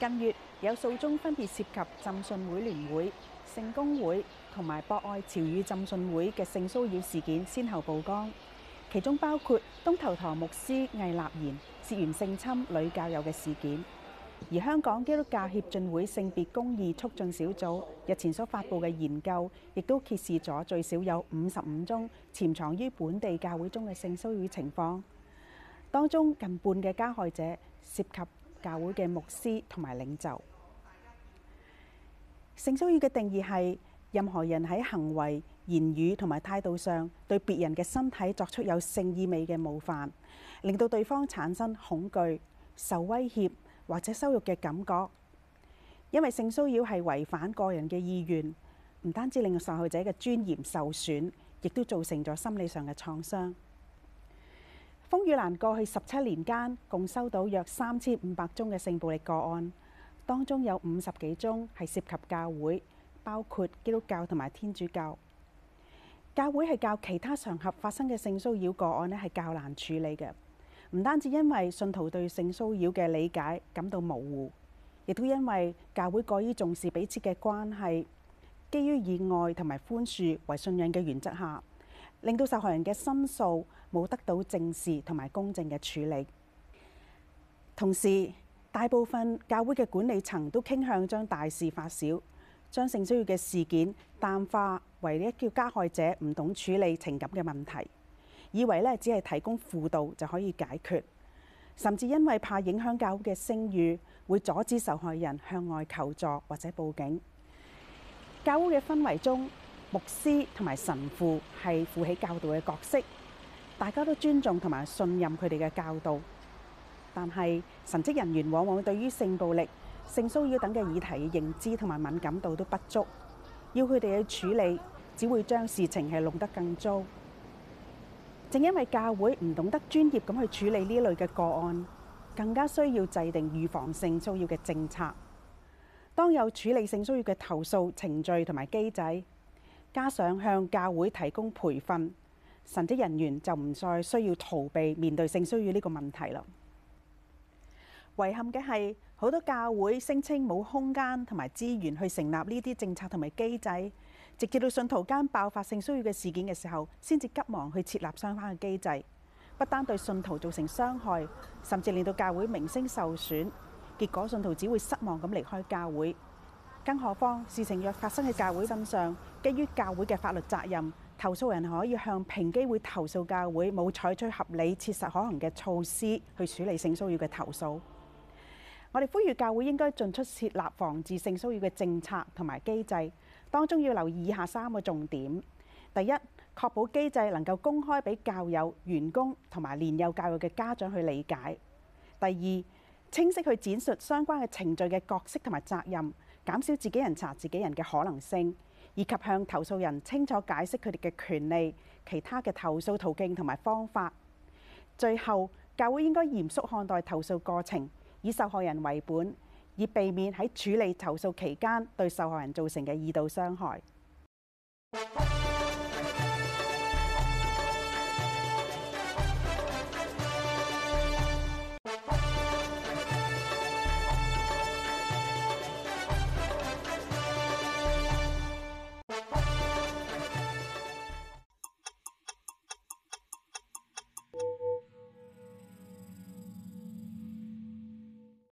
近月有數宗分別涉及浸信會聯會、聖公會同埋博愛潮語浸信會嘅性騷擾事件，先後曝光，其中包括東頭堂牧師魏立言涉嫌性侵女教友嘅事件。而香港基督教協進會性別公義促進小組日前所發布嘅研究，亦都揭示咗最少有五十五宗潛藏於本地教會中嘅性騷擾情況，當中近半嘅加害者涉及教會嘅牧師同埋領袖。性騷擾嘅定義係任何人喺行為、言語同埋態度上，對別人嘅身體作出有性意味嘅冒犯，令到對方產生恐懼、受威脅或者羞辱嘅感覺。因為性騷擾係違反個人嘅意願，唔單止令受害者嘅尊嚴受損，亦都造成咗心理上嘅創傷。風雨蘭過去十七年間，共收到約三千五百宗嘅性暴力個案，當中有五十幾宗係涉及教會，包括基督教同埋天主教。教會係較其他場合發生嘅性騷擾個案咧，係較難處理嘅。唔單止因為信徒對性騷擾嘅理解感到模糊，亦都因為教會過於重視彼此嘅關係，基於以愛同埋寬恕為信仰嘅原則下。令到受害人嘅申訴冇得到正視同埋公正嘅處理，同時大部分教會嘅管理層都傾向將大事化小，將性騷擾嘅事件淡化為一叫加害者唔懂處理情感嘅問題，以為咧只係提供輔導就可以解決，甚至因為怕影響教會嘅聲譽，會阻止受害人向外求助或者報警。教會嘅氛圍中。牧師同埋神父係負起教導嘅角色，大家都尊重同埋信任佢哋嘅教導。但係神職人員往往對於性暴力、性騷擾等嘅議題嘅認知同埋敏感度都不足，要佢哋去處理，只會將事情係弄得更糟。正因為教會唔懂得專業咁去處理呢類嘅個案，更加需要制定預防性騷擾嘅政策。當有處理性騷擾嘅投訴程序同埋機制。加上向教會提供培訓，神職人員就唔再需要逃避面對性需要呢個問題啦。遺憾嘅係，好多教會聲稱冇空間同埋資源去成立呢啲政策同埋機制，直至到信徒間爆發性騷擾嘅事件嘅時候，先至急忙去設立相關嘅機制。不單對信徒造成傷害，甚至令到教會名聲受損，結果信徒只會失望咁離開教會。更何況事情若發生喺教會身上，基於教會嘅法律責任，投訴人可以向平機會投訴教會冇採取合理、切實可行嘅措施去處理性騷擾嘅投訴。我哋呼籲教會應該進出設立防治性騷擾嘅政策同埋機制，當中要留意以下三個重點：第一，確保機制能夠公開俾教友、員工同埋年幼教育嘅家長去理解；第二，清晰去展述相關嘅程序嘅角色同埋責任。減少自己人查自己人嘅可能性，以及向投訴人清楚解釋佢哋嘅權利、其他嘅投訴途徑同埋方法。最後，教會應該嚴肅看待投訴過程，以受害人為本，以避免喺處理投訴期間對受害人造成嘅二度傷害。